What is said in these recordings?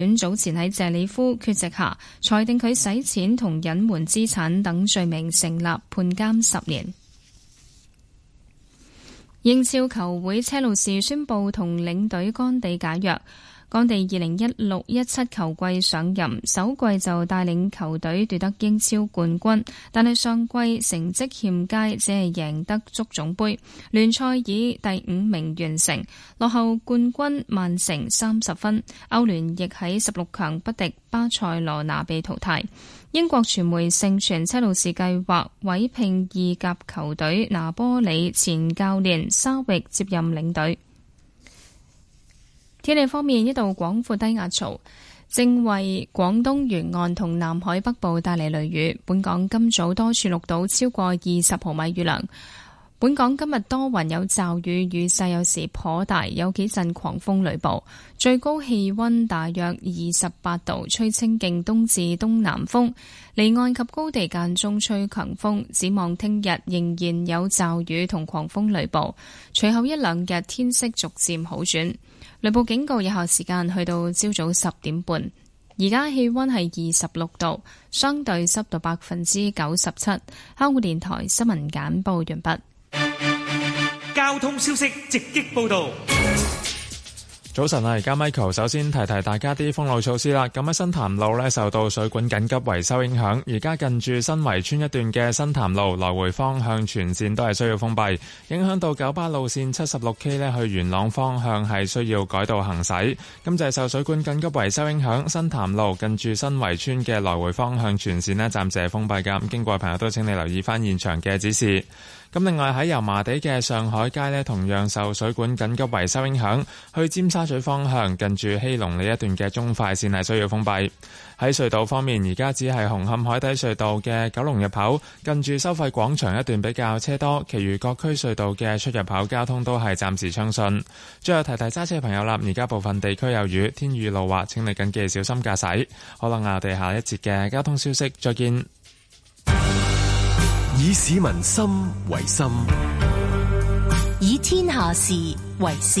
院早前喺謝里夫缺席下裁定佢洗錢同隱瞞資產等罪名成立，判監十年。英超球會車路士宣布同領隊干地解約。港地二零一六一七球季上任，首季就帶領球隊奪得英超冠軍，但係上季成績欠佳，只係贏得足總杯，聯賽以第五名完成，落後冠軍曼城三十分。歐聯亦喺十六強不敵巴塞羅那被淘汰。英國傳媒盛傳車路士計劃委聘意甲球隊拿波里前教練沙域接任領隊。天氣方面，一道廣闊低壓槽正為廣東沿岸同南海北部帶嚟雷雨。本港今早多處錄到超過二十毫米雨量。本港今日多雲有驟雨，雨勢有時頗大，有幾陣狂風雷暴。最高氣溫大約二十八度，吹清勁東至東南風。離岸及高地間中吹強風。展望聽日仍然有驟雨同狂風雷暴，隨後一兩日天色逐漸好轉。雷暴警告有效時間去到朝早十點半，而家氣溫係二十六度，相對濕度百分之九十七。香港電台新聞簡報完畢。交通消息直擊報道。早晨啊！而家 Michael 首先提提大家啲封路措施啦。咁喺新潭路咧，受到水管緊急維修影響，而家近住新圍村一段嘅新潭路來回方向全線都係需要封閉，影響到九巴路線七十六 K 咧，去元朗方向係需要改道行駛。咁就係受水管緊急維修影響，新潭路近住新圍村嘅來回方向全線咧暫時係封閉噶。咁經過嘅朋友都請你留意翻現場嘅指示。咁另外喺油麻地嘅上海街咧，同樣受水管緊急維修影響，去尖沙水方向近住希隆呢一段嘅中快綫係需要封閉。喺隧道方面，而家只係紅磡海底隧道嘅九龍入口近住收費廣場一段比較車多，其餘各區隧道嘅出入口交通都係暫時暢順。最後提提揸車朋友啦，而家部分地區有雨，天雨路滑，請你緊記小心駕駛。好啦，我哋下一節嘅交通消息，再見。以市民心為心，以天下事為事。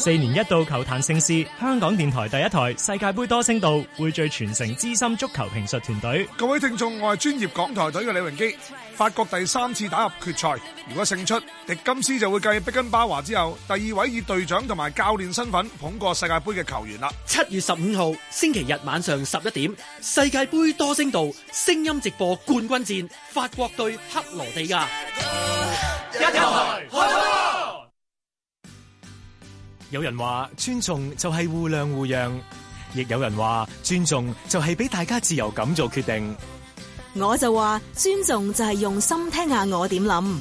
四年一度球壇盛事，香港電台第一台世界杯多聲道匯聚全城資深足球評述團隊。各位聽眾，我係專業港台隊嘅李榮基。法國第三次打入決賽，如果勝出，迪金斯就會繼碧根巴華之後，第二位以隊長同埋教練身份捧過世界杯嘅球員啦。七月十五號星期日晚上十一點，世界杯多聲道聲音直播冠軍戰，法國對克羅地亞。一台開播有人話尊重就係互諒互讓，亦有人話尊重就係俾大家自由咁做決定。我就話尊重就係用心聽下我點諗。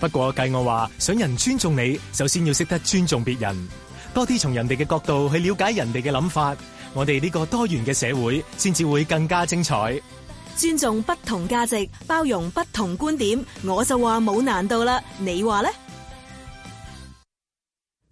不過計我話，想人尊重你，首先要識得尊重別人，多啲從人哋嘅角度去了解人哋嘅諗法。我哋呢個多元嘅社會，先至會更加精彩。尊重不同價值，包容不同觀點，我就話冇難度啦。你話呢？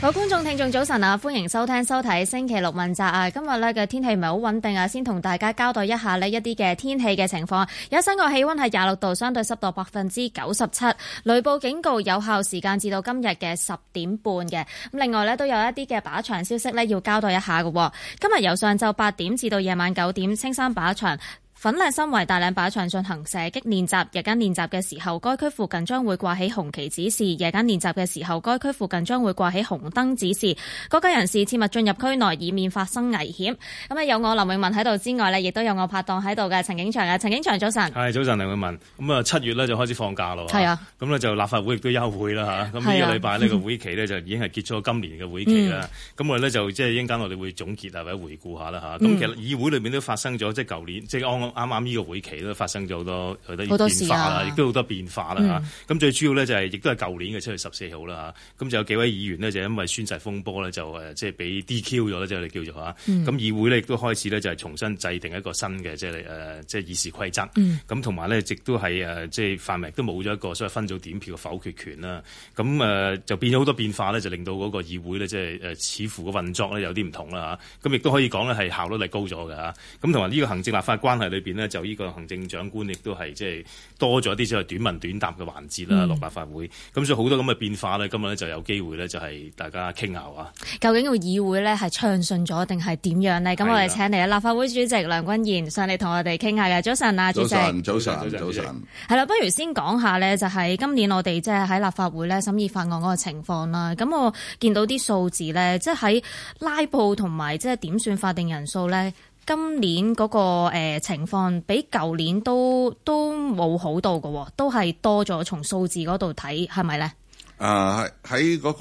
好，觀眾聽眾早晨啊！歡迎收聽收睇星期六問責啊！今日呢嘅天氣唔係好穩定啊，先同大家交代一下呢一啲嘅天氣嘅情況。有新個氣溫係廿六度，相對濕度百分之九十七，雷暴警告有效時間至到今日嘅十點半嘅。咁另外呢，都有一啲嘅靶場消息呢，要交代一下㗎喎。今日由上晝八點至到夜晚九點青山靶場。粉嶺新圍大嶺靶場進行射擊練習，日間練習嘅時候，該區附近將會掛起紅旗指示；夜間練習嘅時候，該區附近將會掛起紅燈指示，各界人士切勿進入區內，以免發生危險。咁啊，有我林詠雯喺度之外呢，亦都有我拍檔喺度嘅陳景祥啊。陳景祥早晨。係早晨，林詠雯。咁啊，七月呢就開始放假咯。係啊的。咁呢就立法會亦都休會啦嚇。咁呢個禮拜呢個會期呢，就已經係結束了今年嘅會期啦。咁、嗯、我哋呢，就即係一陣間我哋會總結啊或者回顧一下啦嚇。咁、嗯、其實議會裏面都發生咗即係舊年即係、就是啱啱呢個會期都發生咗好多好多，啊、多變化啦，嗯就是，亦都好多變化啦嚇。咁最主要咧就係，亦都係舊年嘅七月十四號啦嚇。咁就有幾位議員咧，就因為宣誓風波咧，就誒即係俾 DQ 咗啦，即係你叫做嚇。咁、嗯、議會咧亦都開始咧，就係重新制定一個新嘅即係誒即係議事規則。咁同埋咧，亦都係誒即係泛民都冇咗一個所謂分組點票嘅否決權啦。咁誒、呃、就變咗好多變化咧，就令到嗰個議會咧，即係誒似乎個運作咧有啲唔同啦嚇。咁、啊、亦都可以講咧係效率係高咗㗎嚇。咁同埋呢個行政立法關係邊咧就呢個行政長官亦都係即係多咗啲即係短問短答嘅環節啦，落立法會，咁所以好多咁嘅變化呢，今日呢就有機會呢，就係大家傾下啊。究竟個議會呢係暢順咗定係點樣呢？咁我哋請嚟啊立法會主席梁君彥上嚟同我哋傾下嘅。早晨啊，主席。早晨，早晨，早晨。係啦，不如先講下呢，就係今年我哋即係喺立法會呢審議法案嗰個情況啦。咁我見到啲數字呢，即係喺拉布同埋即係點算法定人數呢。今年嗰個誒情況比舊年都都冇好到嘅，都係多咗。從數字嗰度睇係咪咧？誒喺嗰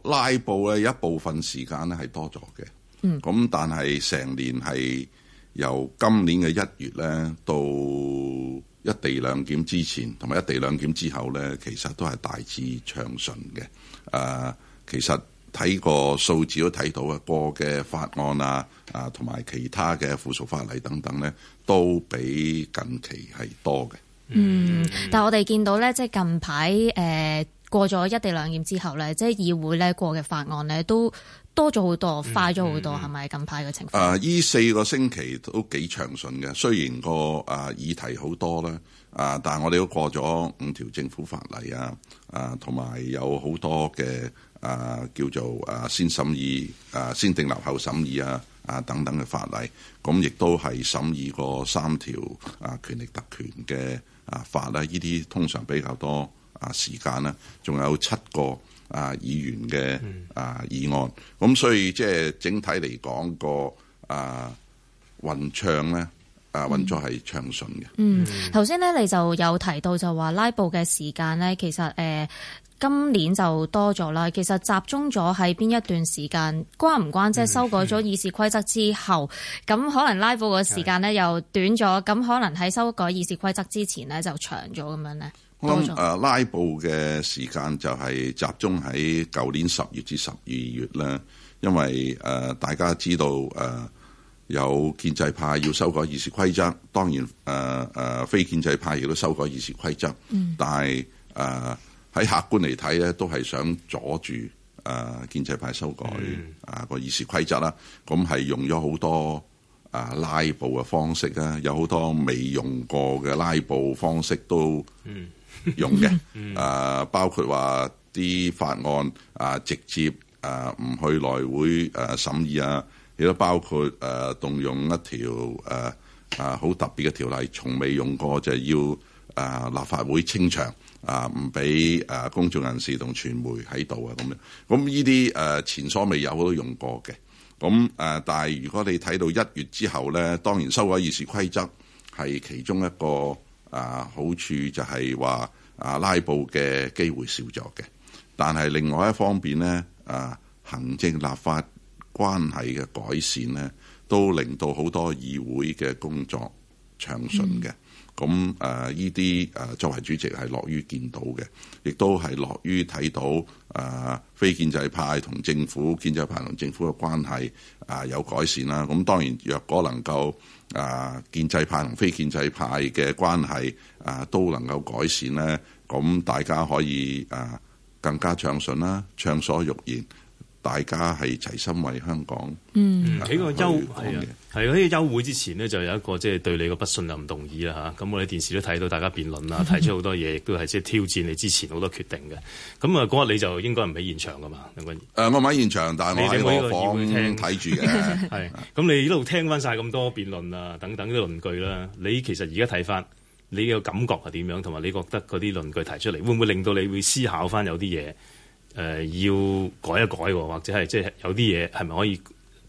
個拉布咧，有一部分時間咧係多咗嘅。嗯，咁但係成年係由今年嘅一月咧到一地兩檢之前，同埋一地兩檢之後咧，其實都係大致暢順嘅。誒，其實。睇個數字都睇到嘅過嘅法案啊，啊同埋其他嘅附屬法例等等咧，都比近期係多嘅，嗯呃嗯。嗯，但係我哋見到咧，即係近排誒過咗一地兩檢之後咧，即係議會咧過嘅法案咧都多咗好多，快咗好多，係咪近排嘅情況？啊！依四個星期都幾暢順嘅，雖然個啊議題好多啦，啊，但係我哋都過咗五條政府法例啊。啊，同埋有好多嘅啊，叫做啊先審議啊，先訂立後審議啊，啊等等嘅法例，咁、啊、亦都係審議過三條啊權力特權嘅啊法啦，呢、啊、啲通常比較多啊時間啦、啊，仲有七個啊議員嘅啊議案，咁、嗯啊、所以即係、就是、整體嚟講、那個啊運暢咧。啊，嗯、運作係暢順嘅、嗯。嗯，頭先咧，你就有提到就話拉布嘅時間咧，其實誒、呃、今年就多咗啦。其實集中咗喺邊一段時間關唔關？即係修改咗議事規則之後，咁、嗯、可能拉布嘅時間咧是的 又短咗。咁可能喺修改議事規則之前咧就長咗咁樣咧。我諗、呃、拉布嘅時間就係集中喺舊年十月至十二月啦，因為誒、呃、大家知道誒。呃有建制派要修改議事規則，當然誒誒非建制派亦都修改議事規則，呃呃規則嗯、但係誒喺客觀嚟睇咧，都係想阻住誒、呃、建制派修改啊個議事規則啦。咁係、嗯啊、用咗好多誒、啊、拉布嘅方式啊，有好多未用過嘅拉布方式都用嘅，誒、嗯 嗯啊、包括話啲法案啊直接誒唔、啊、去內會誒、啊、審議啊。亦都包括誒動用一條誒啊好特別嘅條例，從未用過就係要誒立法會清場啊，唔俾誒公眾人士同傳媒喺度啊咁樣。咁呢啲誒前所未有都用過嘅。咁誒，但係如果你睇到一月之後咧，當然修改議事規則係其中一個啊好處，就係話啊拉布嘅機會少咗嘅。但係另外一方面咧，啊行政立法關係嘅改善呢，都令到好多議會嘅工作暢順嘅。咁誒，呢啲誒作為主席係樂於見到嘅，亦都係樂於睇到誒非建制派同政府、建制派同政府嘅關係啊有改善啦。咁當然，若果能夠誒建制派同非建制派嘅關係啊都能夠改善呢，咁大家可以誒更加暢順啦，暢所欲言。大家係齊心為香港，嗯，喺、啊、個休啊，喺個休會之前呢，就有一個即係、就是、對你個不信任動議啦吓。咁我哋電視都睇到大家辯論啦， 提出好多嘢，亦都係即係挑戰你之前好多決定嘅。咁啊，嗰日你就應該唔喺現場㗎嘛？兩位誒，我唔喺現場，但係我喺房睇住嘅。係，咁 你一路聽翻晒咁多辯論啊，等等啲論據啦。你其實而家睇翻，你嘅感覺係點樣？同埋你覺得嗰啲論據提出嚟，會唔會令到你會思考翻有啲嘢？誒、呃、要改一改，或者係即係有啲嘢係咪可以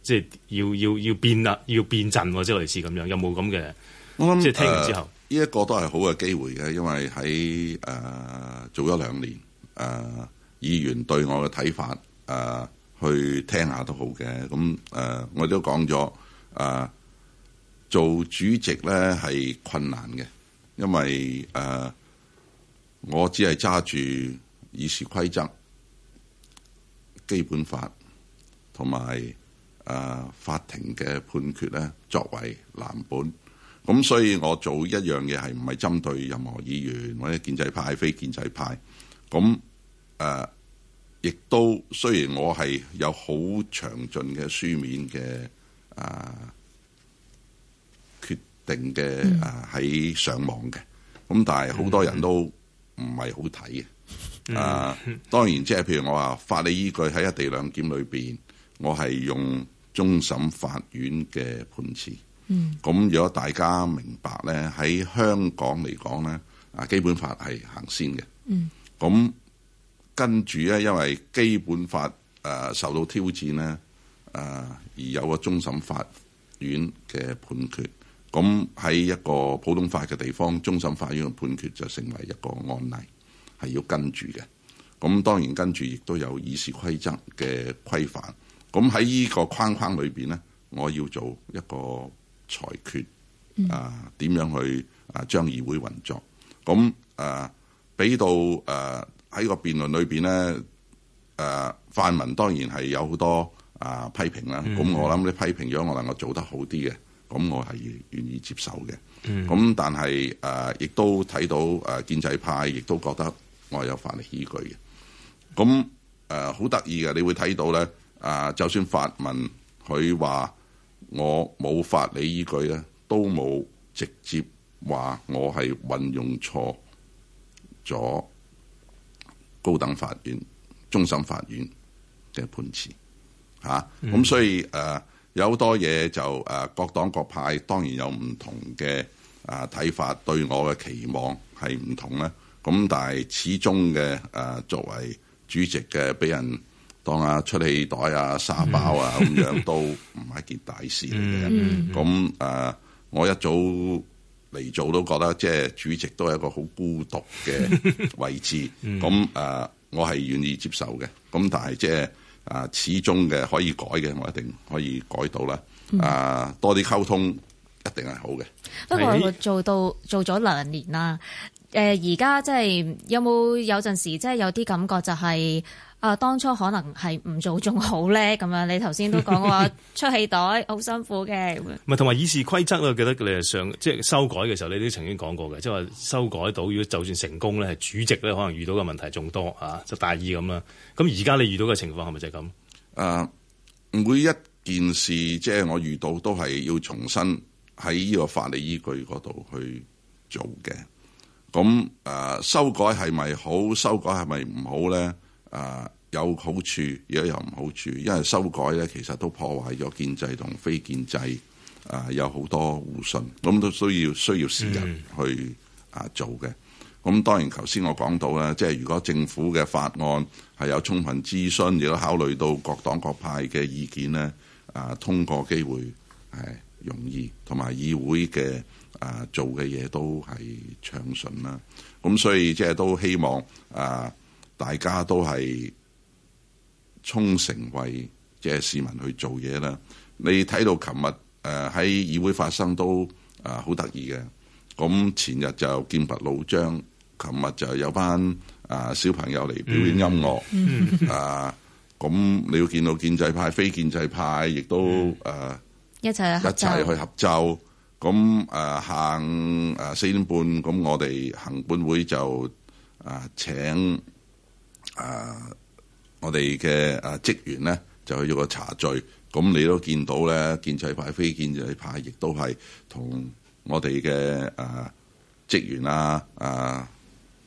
即係要要要變啦，要變陣喎，即係類似咁樣有冇咁嘅？我諗想即係聽完之後，呢一、呃這個都係好嘅機會嘅，因為喺誒、呃、做咗兩年誒、呃、議員對我嘅睇法誒、呃、去聽下都好嘅。咁、嗯、誒、呃，我都講咗誒做主席咧係困難嘅，因為誒、呃、我只係揸住議事規則。基本法同埋啊法庭嘅判決咧，作為藍本，咁所以我做一樣嘢，係唔係針對任何議員，或者建制派、非建制派。咁誒，亦都雖然我係有好詳盡嘅書面嘅啊決定嘅、嗯、啊喺上網嘅，咁但係好多人都唔係好睇嘅。啊，當然即、就、係、是、譬如我話法理依據喺一地兩檢裏邊，我係用終審法院嘅判詞。咁、嗯、如果大家明白呢，喺香港嚟講呢，啊基本法係行先嘅。咁、嗯、跟住呢，因為基本法誒、呃、受到挑戰呢，誒、呃、而有個終審法院嘅判決。咁喺一個普通法嘅地方，終審法院嘅判決就成為一個案例。係要跟住嘅，咁當然跟住亦都有議事規則嘅規範。咁喺呢個框框裏邊咧，我要做一個裁決，嗯、啊點樣去啊將議會運作。咁啊俾到啊喺個辯論裏邊咧，啊泛民當然係有好多啊批評啦。咁、嗯、我諗你批評咗，我能夠做得好啲嘅，咁我係願意接受嘅。咁、嗯、但係啊，亦都睇到啊建制派亦都覺得。我係有法律依據嘅，咁誒好得意嘅，你會睇到咧，誒、呃、就算法文佢話我冇法理依據咧，都冇直接話我係運用錯咗高等法院、終審法院嘅判詞嚇。咁、啊嗯、所以誒、呃、有好多嘢就誒、呃、各黨各派當然有唔同嘅誒睇法，對我嘅期望係唔同咧。咁但係始終嘅、呃，作為主席嘅，俾人當啊出氣袋啊沙包啊咁樣，mm. 都唔係一件大事嚟嘅。咁、mm hmm. 嗯呃、我一早嚟做都覺得，即、呃、係主席都係一個好孤獨嘅位置。咁我係願意接受嘅。咁但係即係誒，始終嘅可以改嘅，我一定可以改到啦。誒、mm. 呃，多啲溝通一定係好嘅。不過、嗯、我做到做咗兩年啦。誒，而家即係有冇有陣時，即係有啲感覺就係、是、啊，當初可能係唔做仲好咧？咁樣你頭先都講話出氣袋好辛苦嘅，咁咪同埋議事規則啊。記得你上即係修改嘅時候，你都曾經講過嘅，即係話修改到，如果就算成功咧，主席咧可能遇到嘅問題仲多吓、啊，就大意咁啦。咁而家你遇到嘅情況係咪就係咁？誒、啊，每一件事即係我遇到都係要重新喺呢個法理依據嗰度去做嘅。咁、啊、修改係咪好？修改係咪唔好呢？誒、啊、有好處，亦有唔好處，因為修改呢其實都破壞咗建制同非建制誒、啊、有好多互信，咁都需要需要時間去做嘅。咁、mm hmm. 當然頭先我講到呢即係如果政府嘅法案係有充分諮詢，亦都考慮到各黨各派嘅意見呢、啊、通過機會係容易，同埋議會嘅。啊！做嘅嘢都係暢順啦，咁所以即係都希望啊，大家都係衷誠為嘅市民去做嘢啦。你睇到琴日誒喺議會發生都啊好得意嘅，咁前日就見劍拔弩張，琴日就有班啊小朋友嚟表演音樂、嗯、啊，咁、 啊、你要見到建制派、非建制派亦都誒、啊、一齊一齊去合奏。咁誒下午四點半，咁我哋行管會就誒、呃、請誒、呃、我哋嘅誒職員咧，就去咗個茶聚。咁你都見到咧，建制派、非建制派亦都係同我哋嘅誒職員啊、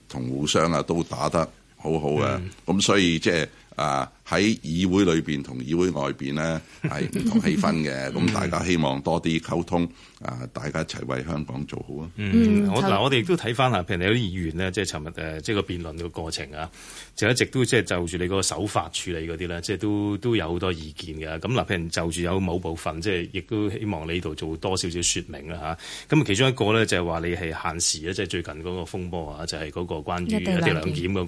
同、啊、互相啊都打得好好、啊、嘅。咁 Yeah. 所以即係。啊！喺議會裏面同議會外面呢係唔同氣氛嘅，咁 大家希望多啲溝通啊！大家一齊為香港做好啊！嗯，我嗱、嗯、我哋亦都睇翻譬如你有啲議員呢，即係尋日即係個辯論個過程啊，就是、一直都即係就住你個手法處理嗰啲咧，即、就、係、是、都都有好多意見嘅。咁嗱，譬如就住有某部分，即係亦都希望你度做多少少說明啦咁、啊、其中一個咧就係、是、話你係限時啊，即、就、係、是、最近嗰個風波啊，就係、是、嗰個關於、那個、一地兩檢嗰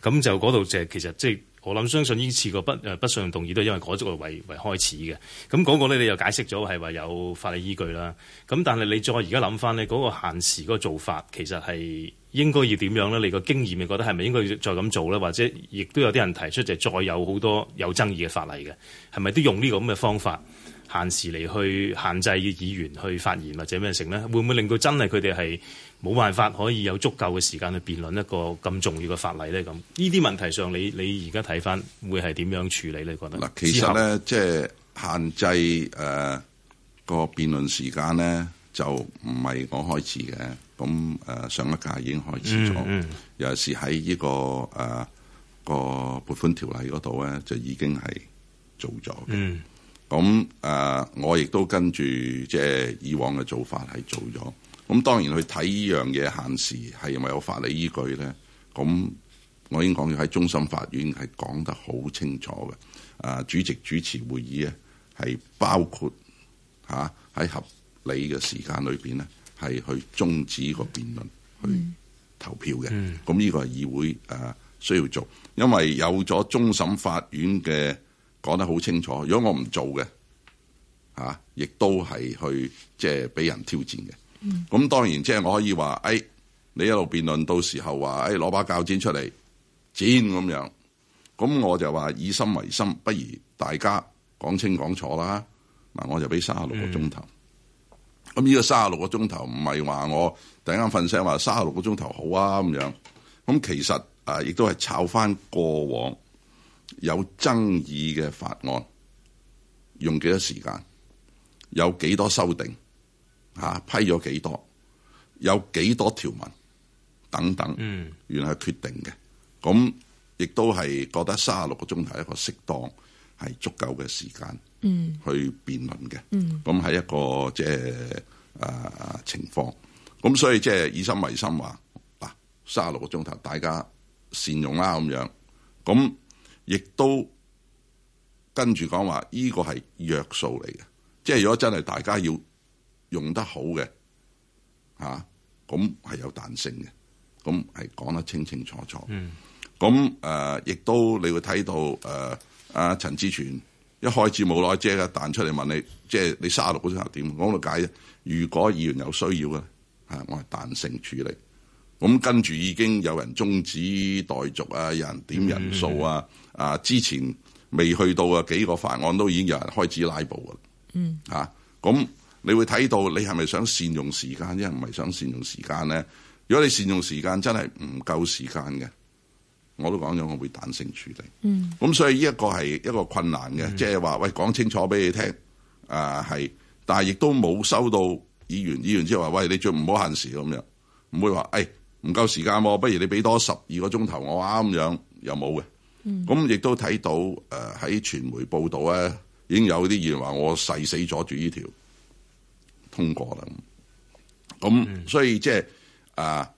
個咁就嗰度就係、是、其實即、就、係、是。我諗相信呢次個不誒、呃、不信任動議都係因為嗰個為為開始嘅，咁嗰個咧你又解釋咗係話有法理依據啦，咁但係你再而家諗翻你嗰個限時嗰個做法，其實係應該要點樣咧？你個經驗你覺得係咪應該要再咁做咧？或者亦都有啲人提出就再有好多有爭議嘅法例嘅，係咪都用呢個咁嘅方法限時嚟去限制議員去發言或者咩成咧？會唔會令到真係佢哋係？冇辦法可以有足夠嘅時間去辯論一個咁重要嘅法例咧，咁呢啲問題上你你而家睇翻會係點樣處理？你覺得嗱，其實咧之後即係限制誒、呃那個辯論時間咧，就唔係我開始嘅，咁誒、呃、上一屆已經開始咗，有時喺呢個誒、呃那個撥款條例嗰度咧就已經係做咗嘅，咁誒、嗯呃、我亦都跟住即係以往嘅做法係做咗。咁當然去睇呢樣嘢限時係咪有法理依據咧？咁我已經講要喺終審法院係講得好清楚嘅。啊，主席主持會議咧，係包括嚇喺、啊、合理嘅時間裏邊咧，係去終止個辯論去投票嘅。咁呢、嗯、個係議會啊需要做，因為有咗終審法院嘅講得好清楚。如果我唔做嘅嚇，亦、啊、都係去即係俾人挑戰嘅。咁、嗯、當然，即、就、係、是、我可以話，誒你一路辯論，到時候話，誒攞把鉸剪出嚟剪咁樣。咁我就話以心為心，不如大家講清講楚啦。嗱，我就俾三十六個鐘頭。咁呢個三十六個鐘頭唔係話我突然間瞓醒話三十六個鐘頭好啊咁樣。咁其實啊，亦都係炒返過往有爭議嘅法案，用幾多時間，有幾多修訂。嚇、啊、批咗幾多？有幾多條文等等，嗯、原來係決定嘅。咁亦都係覺得卅六個鐘頭係一個適當係足夠嘅時間，去辯論嘅。咁係、嗯、一個即係啊情況。咁所以即係以心為心話嗱，卅、啊、六個鐘頭大家善用啦咁樣。咁亦都跟住講話，呢個係約數嚟嘅。即係如果真係大家要。用得好嘅嚇，咁、啊、係有彈性嘅，咁係講得清清楚楚。咁誒、嗯，亦、呃、都你會睇到誒。阿、呃啊、陳志全一開始冇耐，即係彈出嚟問你，即係你卅六個鐘頭點？講到解，如果議員有需要咧，嚇、啊、我係彈性處理。咁跟住已經有人中止待續啊，有人點人數啊。嗯、啊，之前未去到嘅幾個法案都已經有人開始拉布啦。嗯、啊，嚇、啊、咁。你會睇到你係咪想善用時間，一係唔係想善用時間咧？如果你善用時間，真係唔夠時間嘅，我都講咗，我會彈性處理。嗯，咁所以呢一個係一個困難嘅，即係話喂講清楚俾你聽。啊，係，但係亦都冇收到議員議員，之後話喂你最唔好限時咁樣，唔會話誒唔夠時間喎、啊，不如你俾多十二個鐘頭我啱咁樣又冇嘅。咁亦都睇到喺、呃、傳媒報道咧、啊，已經有啲議員話我誓死阻住呢條。通過啦，咁所以即係、就是、啊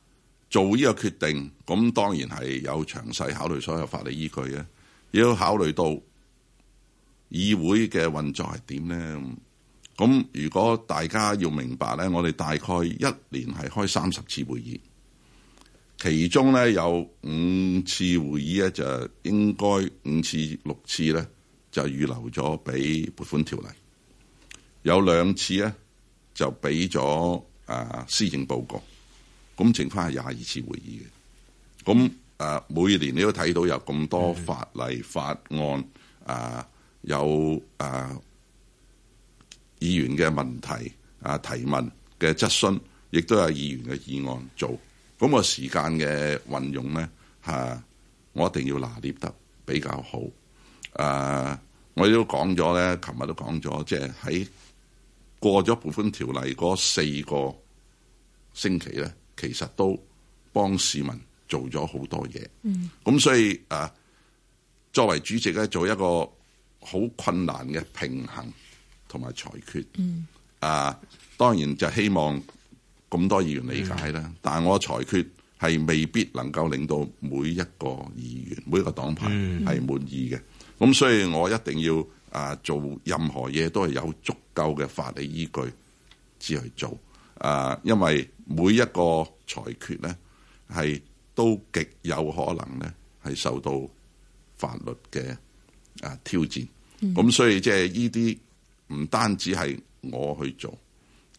做呢個決定，咁當然係有詳細考慮所有法理依據嘅，要考慮到議會嘅運作係點咧。咁如果大家要明白咧，我哋大概一年係開三十次會議，其中咧有五次會議咧就應該五次六次咧就預留咗俾撥款條例，有兩次咧。就俾咗誒施政報告，咁剩翻係廿二次會議嘅。咁誒每年你都睇到有咁多法例的法案啊，有誒議員嘅問題啊、提問嘅質詢，亦都有議員嘅議案做。咁個時間嘅運用咧嚇，我一定要拿捏得比較好。誒，我都講咗咧，琴日都講咗，即係喺。過咗部分條例嗰四個星期咧，其實都幫市民做咗好多嘢。咁、嗯、所以啊，作為主席咧，做一個好困難嘅平衡同埋裁決。嗯、啊，當然就希望咁多議員理解啦。嗯、但係我裁決係未必能夠令到每一個議員、每一個黨派係滿意嘅。咁、嗯、所以，我一定要啊，做任何嘢都係有足。夠嘅法理依據只去做，啊，因為每一個裁決咧，係都極有可能咧，係受到法律嘅啊挑戰。咁所以即係依啲唔單止係我去做，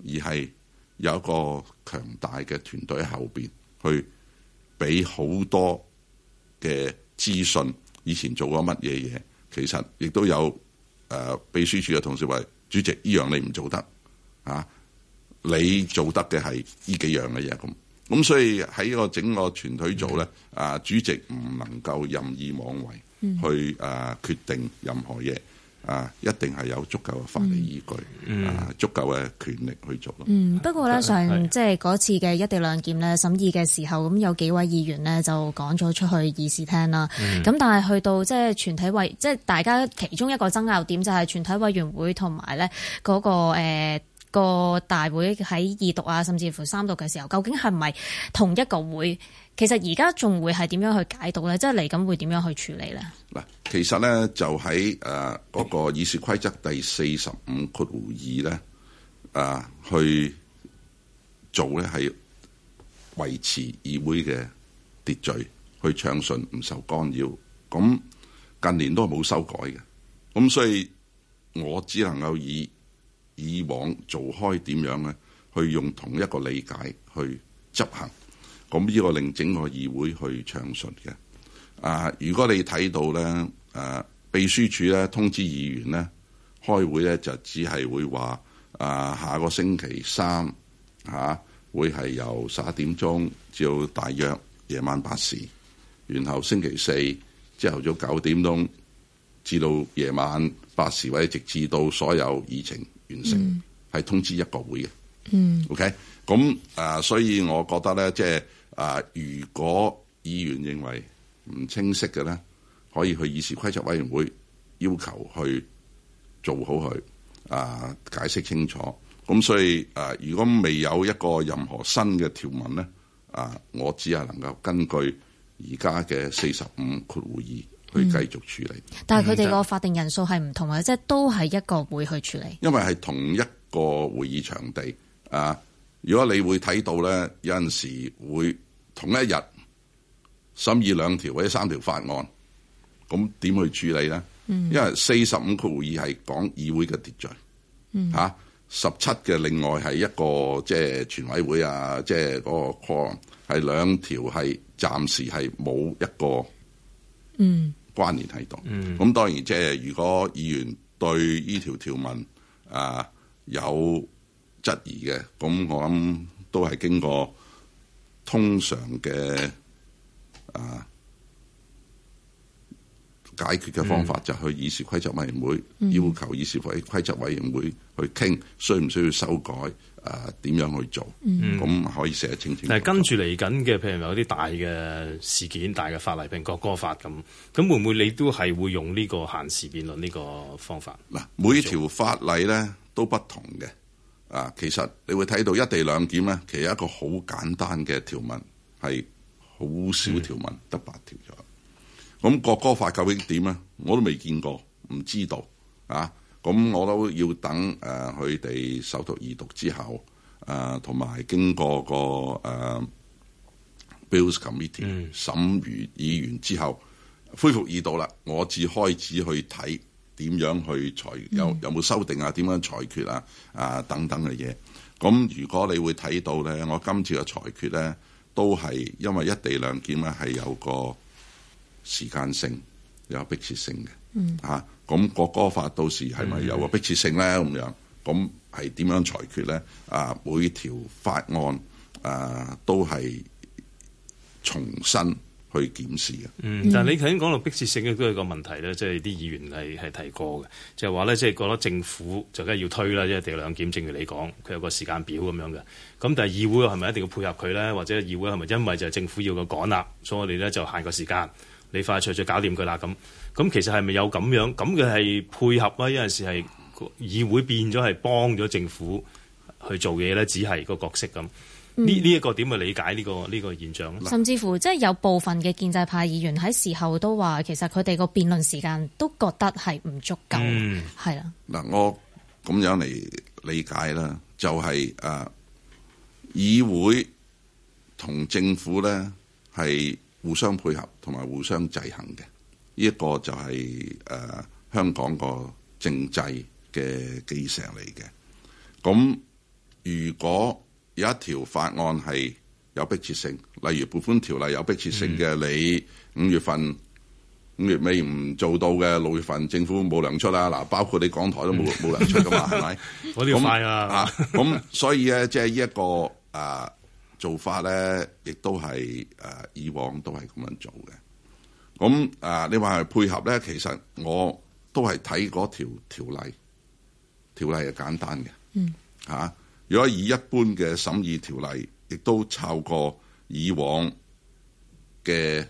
而係有一個強大嘅團隊喺後邊去俾好多嘅資訊。以前做過乜嘢嘢，其實亦都有誒秘書處嘅同事話。主席呢樣你唔做得，啊，你做得嘅係呢幾樣嘅嘢咁，咁所以喺個整個全體組咧，啊，主席唔能夠任意妄為去啊決定任何嘢。啊，一定係有足夠嘅法律依據，嗯、啊，足夠嘅權力去做咯。嗯，不過咧以上即係是嗰次嘅一地兩檢咧審議嘅時候，咁有幾位議員咧就講咗出去議事廳啦。咁、嗯、但係去到即係全體委，即係大家其中一個爭拗點就係全體委員會同埋咧嗰個誒、呃嗰個大會喺二讀啊，甚至乎三讀嘅時候，究竟係唔係同一個會？其實而家仲會係點樣去解讀咧？即係嚟緊會點樣去處理咧？嗱，其實咧就喺誒嗰個議事規則第四十五括弧二咧，啊、呃、去做咧係維持議會嘅秩序，去暢順唔受干擾。咁近年都係冇修改嘅，咁所以我只能夠以以往做開點樣咧，去用同一個理解去執行。咁呢個令整個議會去暢順嘅。啊，如果你睇到咧，誒、啊、秘書處咧通知議員咧，開會咧就只係會話，啊，下個星期三，嚇、啊、會係由十一點鐘至到大約夜晚八時，然後星期四朝頭早九點鐘至到夜晚八時，或者直至到所有議程完成，係、mm. 通知一個會嘅。嗯。Mm. OK，咁啊，所以我覺得咧，即係。啊！如果議員認為唔清晰嘅咧，可以去議事規則委員會要求去做好佢啊，解釋清楚。咁所以啊，如果未有一個任何新嘅條文咧，啊，我只係能夠根據而家嘅四十五括會議去繼續處理。嗯、但係佢哋個法定人數係唔同嘅，嗯、即係是都係一個會去處理。因為係同一個會議場地啊，如果你會睇到咧，有陣時會，同一日審議兩條或者三條法案，咁點去處理咧？嗯、因為四十五個會議係講議會嘅秩序，吓，十七嘅另外係一個即係、就是、全委會啊，即係嗰個 call 係兩條係暫時係冇一個關聯喺度。咁、嗯、當然即係、嗯、如果議員對呢條條文啊有質疑嘅，咁我諗都係經過。通常嘅啊解決嘅方法就係去議事規則委員會、嗯、要求議事規規則委員會去傾需唔需要修改，啊點樣去做咁，嗯、可以寫清清楚楚。但係跟住嚟緊嘅，譬如有啲大嘅事件、大嘅法例，譬如《國歌法》咁，咁會唔會你都係會用呢個限時辯論呢個方法？嗱，每條法例咧都不同嘅。啊，其實你會睇到一地兩檢咧，其實一個好簡單嘅條文，係好少條文，得、嗯、八條咗。咁國歌法究竟點咧？我都未見過，唔知道。啊，咁我都要等誒佢哋首讀二讀之後，誒同埋經過、那個誒、呃、Bills Committee 審完議完之後，嗯、恢復二讀啦，我至開始去睇。點樣去裁有有冇修訂啊？點樣裁決啊？啊等等嘅嘢。咁如果你會睇到咧，我今次嘅裁決咧，都係因為一地兩檢咧係有個時間性，有迫切性嘅。嗯。咁、啊那個個法到時係咪有個迫切性咧？咁、嗯、樣，咁係點樣裁決咧？啊，每條法案啊都係重申。可以檢視啊。嗯，但係你頭先講到迫切性嘅都係個問題咧、嗯就是，即係啲議員係係提過嘅，就係話咧，即係覺得政府就梗係要推啦，因為地兩檢正如你講，佢有個時間表咁樣嘅。咁但係議會係咪一定要配合佢咧？或者議會係咪因為就係政府要個趕啦，所以我哋咧就限個時間，你快脆再搞掂佢啦咁。咁其實係咪有咁樣？咁嘅係配合啊？有陣時係議會變咗係幫咗政府去做嘢咧，只係個角色咁。呢呢一個點去理解呢個呢個現象？甚至乎即係有部分嘅建制派議員喺事後都話，其實佢哋個辯論時間都覺得係唔足夠，嗯，係啦。嗱，我咁樣嚟理解啦，就係誒，議會同政府咧係互相配合同埋互相制衡嘅，呢一個就係誒香港個政制嘅基石嚟嘅。咁如果有一條法案係有迫切性，例如撥款條例有迫切性嘅，嗯、你五月份、五月尾唔做到嘅，六月份政府冇糧出啦。嗱，包括你港台都冇冇糧出噶嘛，係咪、嗯？嗰 咁快啊！咁、 啊、所以咧，即係呢一個誒、啊、做法咧，亦都係誒、啊、以往都係咁樣做嘅。咁誒、啊，你話配合咧，其實我都係睇嗰條條例，條例係簡單嘅，嗯嚇。啊如果以一般嘅審議條例，亦都抄過以往嘅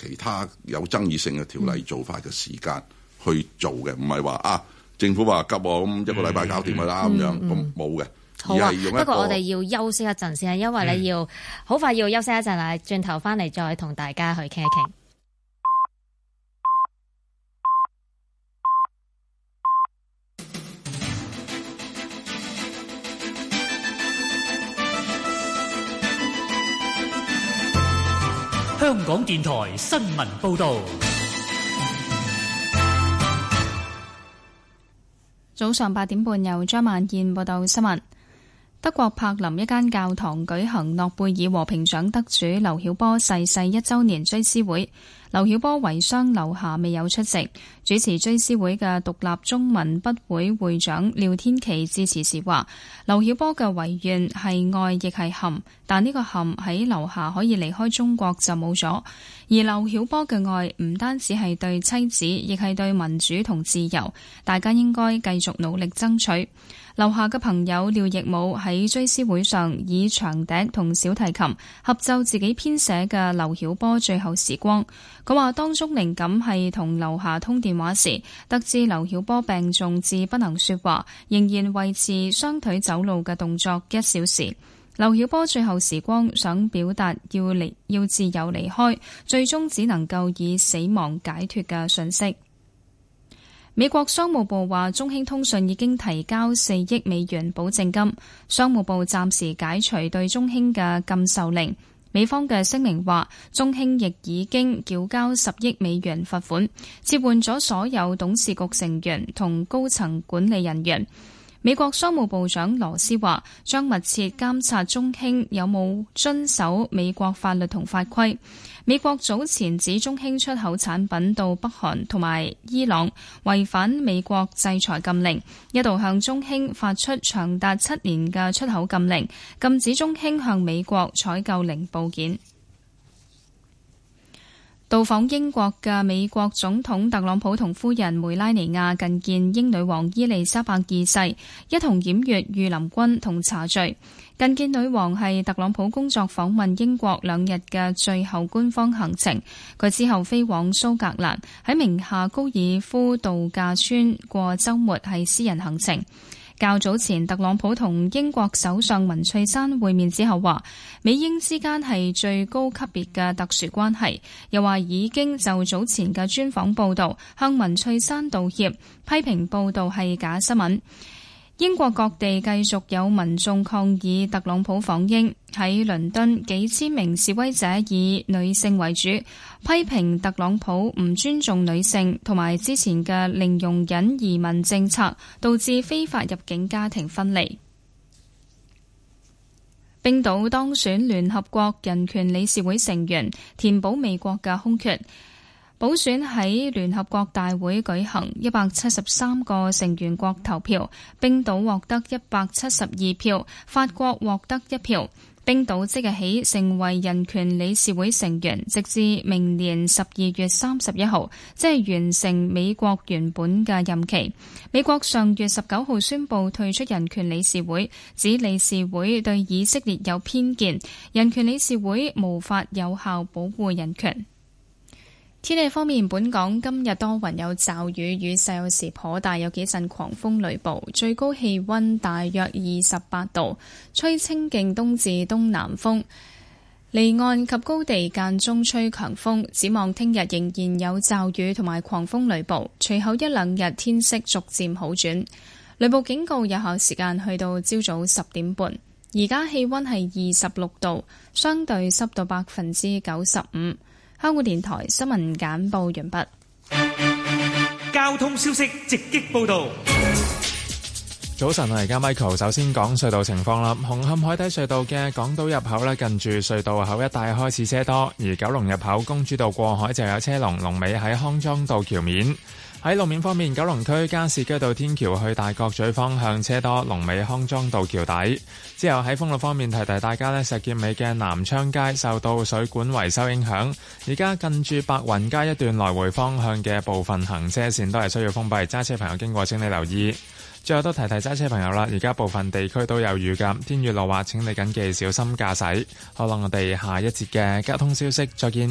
其他有爭議性嘅條例做法嘅時間去做嘅，唔係話啊政府話急我咁、嗯嗯、一個禮拜搞掂㗎啦咁樣，咁冇嘅，嗯、而係用一個，不過、啊、我哋要休息一陣先，因為你要好、嗯、快要休息一陣啦，轉頭翻嚟再同大家去傾一傾。香港電台新聞報道。早上八點半，由張曼燕報道新聞。德國柏林一間教堂舉行諾貝爾和平獎得主劉曉波逝世一週年追思會，劉曉波遺孀劉霞未有出席。主持追思會嘅獨立中文筆會會長廖天琪致辭時話：劉曉波嘅遺願係愛亦係憾，但呢個憾喺劉霞可以離開中國就冇咗。而劉曉波嘅愛唔單止係對妻子，亦係對民主同自由，大家應該繼續努力爭取。樓下嘅朋友廖亦武喺追思會上以長笛同小提琴合奏自己編寫嘅劉曉波最後時光。佢話當中靈感係同樓下通電話時，得知劉曉波病重至不能說話，仍然維持雙腿走路嘅動作一小時。劉曉波最後時光想表達要離要自由離開，最終只能夠以死亡解脫嘅訊息。美國商務部話，中興通訊已經提交四億美元保證金，商務部暫時解除對中興嘅禁售令。美方嘅聲明話，中興亦已經繳交十億美元罰款，撤換咗所有董事局成員同高層管理人員。美國商務部長羅斯話，將密切監察中興有冇遵守美國法律同法規。美國早前指中興出口產品到北韓同埋伊朗違反美國制裁禁令，一度向中興發出長達七年嘅出口禁令，禁止中興向美國採購零部件。到訪英國嘅美國總統特朗普同夫人梅拉尼亞覲見英女王伊麗莎白二世，一同檢閱御林軍同茶敘。覲見女王係特朗普工作訪問英國兩日嘅最後官方行程，佢之後飛往蘇格蘭喺名下高爾夫度假村過周末係私人行程。較早前，特朗普同英國首相文翠珊會面之後說，話美英之間係最高級別嘅特殊關係，又話已經就早前嘅專訪報道向文翠珊道歉，批評報道係假新聞。英國各地繼續有民眾抗議特朗普訪英。喺倫敦，幾千名示威者以女性為主，批評特朗普唔尊重女性，同埋之前嘅零容忍移民政策，導致非法入境家庭分離。冰島當選聯合國人權理事會成員，填補美國嘅空缺。補選喺聯合國大會舉行，一百七十三個成員國投票，冰島獲得一百七十二票，法國獲得一票。冰島即日起成為人權理事會成員，直至明年十二月三十一號，即係完成美國原本嘅任期。美國上月十九號宣布退出人權理事會，指理事會對以色列有偏見，人權理事會無法有效保護人權。天氣方面，本港今日多雲有驟雨，雨勢有時頗大，有幾陣狂風雷暴，最高氣溫大約二十八度，吹清勁東至東南風，離岸及高地間中吹強風。展望聽日仍然有驟雨同埋狂風雷暴，隨後一兩日天色逐漸好轉，雷暴警告有效時間去到朝早十點半。而家氣溫係二十六度，相對濕度百分之九十五。香港電台新聞簡報完畢。原交通消息直擊報道。早晨，我而家 Michael 首先講隧道情況啦。紅磡海底隧道嘅港島入口近住隧道口一帶開始車多，而九龍入口公主道過海就有車龍，龍尾喺康莊道橋面。喺路面方面，九龍區加士居道天橋去大角咀方向車多，龍尾康莊道橋底。之後喺封路方面，提提大家呢，石硤尾嘅南昌街受到水管維修影響，而家近住白雲街一段來回方向嘅部分行車線都係需要封閉，揸車朋友經過，請你留意。最後都提提揸車朋友啦，而家部分地區都有雨㗎，天雨路滑，請你謹記小心駕駛。好啦，我哋下一節嘅交通消息再見。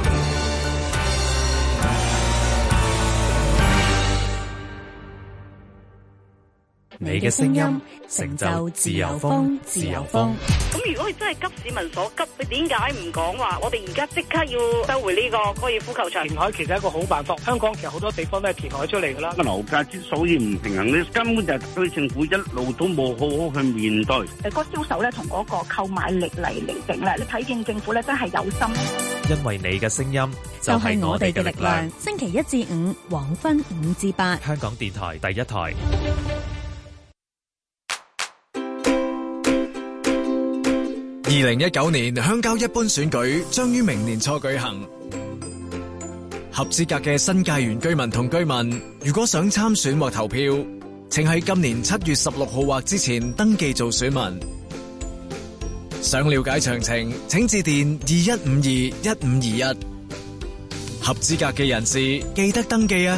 你嘅聲音成就自由風，自由風。咁如果你真係急市民所急，你點解唔講話？我哋而家即刻要收回呢個高爾夫球場填海，其實係一個好辦法。香港其實好多地方都係填海出嚟噶啦。個樓價之所以唔平衡，你根本就係特區政府一路都冇好好去面對。誒，嗰個銷售咧，同嗰個購買力嚟嚟定啦。你睇見政府咧，真係有心。因為你嘅聲音就係我哋嘅力量。星期一至五黃昏五至八，香港電台第一台。二零一九年鄉郊一般選舉將於明年初舉行。合資格嘅新界原居民同居民，如果想參選或投票，請喺今年七月十六號或之前登記做選民。想了解詳情，請致電二一五二一五二一。合資格嘅人士記得登記啊！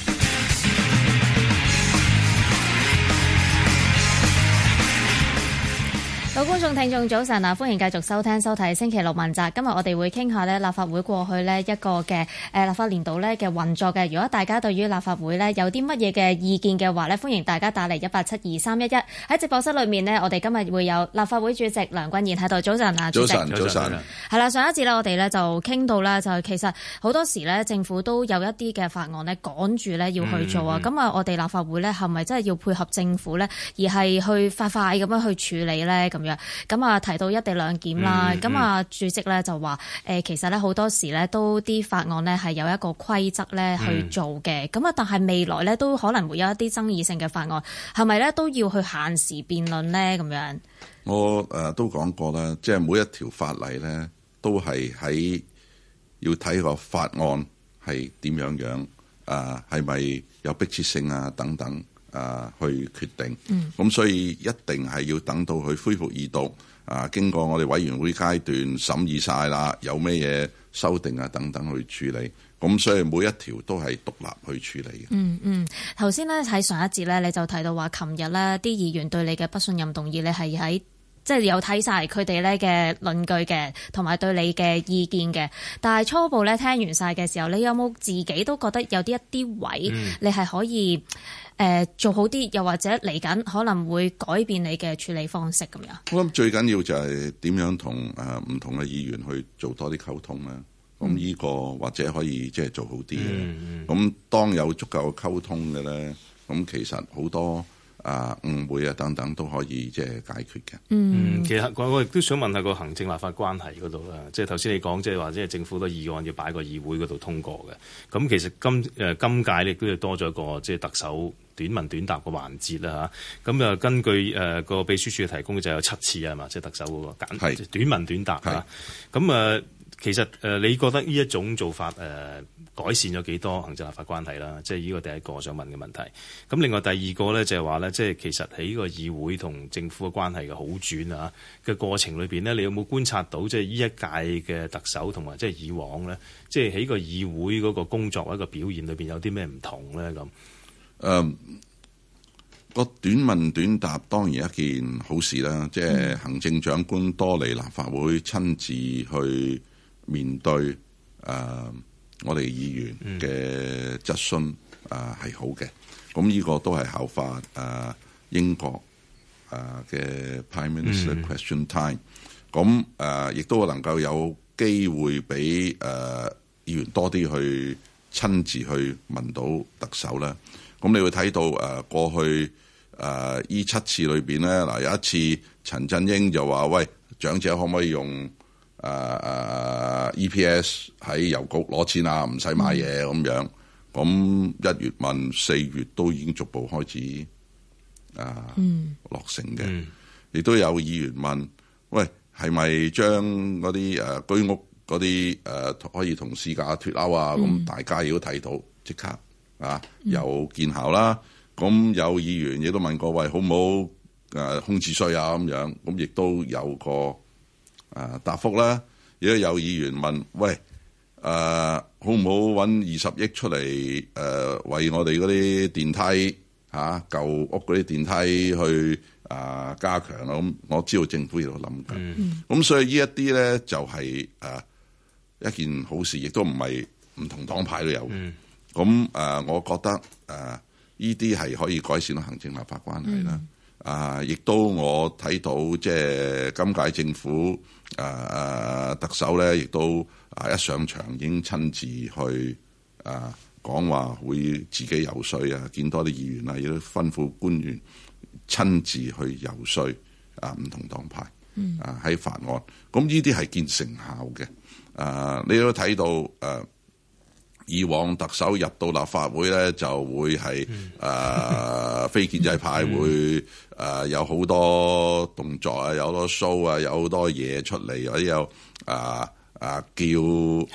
各位觀眾、聽眾，早晨啊！歡迎繼續收聽、收睇星期六問責。今日我哋會傾下咧立法會過去咧一個嘅誒、呃、立法年度咧嘅運作嘅。如果大家對於立法會咧有啲乜嘢嘅意見嘅話咧，歡迎大家打嚟一八七二三一一喺直播室裏面咧。我哋今日會有立法會主席梁君彥喺度。早晨啊，主席。早晨，早晨。係啦，上一節咧我哋咧就傾到咧就其實好多時咧政府都有一啲嘅法案咧趕住咧要去做啊。咁啊、嗯，嗯、那我哋立法會咧係咪真係要配合政府咧，而係去快快咁樣去處理呢？咁樣？咁啊，提到一地兩檢啦，咁啊、嗯，嗯、主席咧就話，誒，其實咧好多時咧都啲法案咧係有一個規則咧去做嘅，咁啊、嗯，但係未來咧都可能會有一啲爭議性嘅法案，係咪咧都要去限時辯論咧？咁、呃、樣，我誒都講過啦，即係每一條法例咧都係喺要睇個法案係點樣樣，啊，係咪有迫切性啊等等。啊，去決定，咁、嗯、所以一定係要等到佢恢復二讀啊，經過我哋委員會階段審議晒啦，有咩嘢修訂啊等等去處理，咁所以每一條都係獨立去處理嘅、嗯。嗯嗯，頭先咧喺上一節咧，你就提到話，琴日咧啲議員對你嘅不信任動議，你係喺。即係有睇晒佢哋咧嘅論據嘅，同埋對你嘅意見嘅。但係初步咧聽完晒嘅時候，你有冇自己都覺得有啲一啲位，你係可以誒、嗯呃、做好啲，又或者嚟緊可能會改變你嘅處理方式咁樣？我諗最緊要就係點樣同誒唔同嘅議員去做多啲溝通咧。咁呢、嗯、個或者可以即係做好啲嘅。咁、嗯嗯、當有足夠嘅溝通嘅咧，咁其實好多。啊誤會啊等等都可以即係解決嘅。嗯，其實我我亦都想問下個行政立法關係嗰度啊，即係頭先你講即係話即係政府個議案要擺個議會嗰度通過嘅。咁其實今誒今屆亦都要多咗一個即係特首短問短答個環節啦嚇。咁啊根據誒個、呃、秘書處嘅提供，就有七次啊嘛，即、就、係、是、特首嗰個簡是短問短答嚇。咁是啊其實誒你覺得呢一種做法誒？呃改善咗幾多行政立法關係啦，即係呢個第一個我想問嘅問題。咁另外第二個咧就係話咧，即係其實喺呢個議會同政府嘅關係嘅好轉啊嘅過程裏邊咧，你有冇觀察到即係呢一屆嘅特首同埋即係以往咧，即係喺個議會嗰個工作或者個表現裏邊有啲咩唔同咧咁？誒、嗯，個短問短答當然一件好事啦，即係行政長官多嚟立法會，親自去面對誒。嗯我哋議員嘅質詢、嗯、啊係好嘅，咁呢個都係效法啊英國啊嘅 Prime Minister、嗯、Question Time，咁啊亦都能夠有機會俾啊議員多啲去親自去問到特首啦。咁你會睇到啊過去啊呢七次裏面咧，嗱、啊、有一次陳振英就話：喂，長者可唔可以用？誒誒 EPS 喺郵局攞錢啊，唔使買嘢咁樣。咁一月問四月都已經逐步開始啊，uh, mm. 落成嘅。亦、mm. 都有議員問，喂，係咪將嗰啲誒居屋嗰啲誒可以同市價脱鈎啊？咁、mm. 大家亦都睇到即刻啊，有、uh, 見效啦。咁有議員亦都問過，喂，好唔好誒、啊、空置稅啊？咁樣咁亦都有個。啊！答覆啦！如果有議員問：，喂，啊，好唔好揾二十億出嚟？誒、啊，為我哋嗰啲電梯嚇、啊、舊屋嗰啲電梯去啊加強咯？咁我知道政府喺度諗緊。咁、mm. 所以呢一啲咧就係、是、啊一件好事，亦都唔係唔同黨派都有。咁、mm. 啊，我覺得啊，呢啲係可以改善行政立法關係啦。Mm. 啊，亦都我睇到即係、就是、今屆政府。誒、啊、特首咧，亦都啊一上場已經親自去誒、啊、講話，會自己遊說啊，見多啲議員啊，亦都吩咐官員親自去遊說啊唔同黨派，啊喺法案，咁呢啲係見成效嘅。誒、啊，你都睇到誒。啊以往特首入到立法會咧，就會係誒、 呃、非建制派會誒、 呃、有好多動作啊，有好多 show 啊，有好多嘢出嚟，或者有誒、呃呃、叫、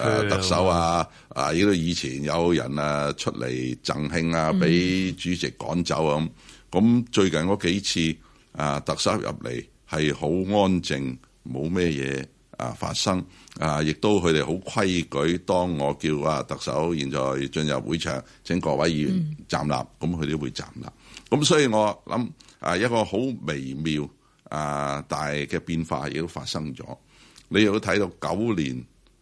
呃、 特首啊，啊呢度以前有人啊出嚟贈慶啊，俾主席趕走咁。咁 最近嗰幾次啊、呃，特首入嚟係好安靜，冇咩嘢啊發生。啊！亦都佢哋好規矩，當我叫啊特首現在進入會場，請各位議員站立，咁佢哋會站立。咁所以我諗啊，一個好微妙啊大嘅變化亦都發生咗。你亦都睇到九年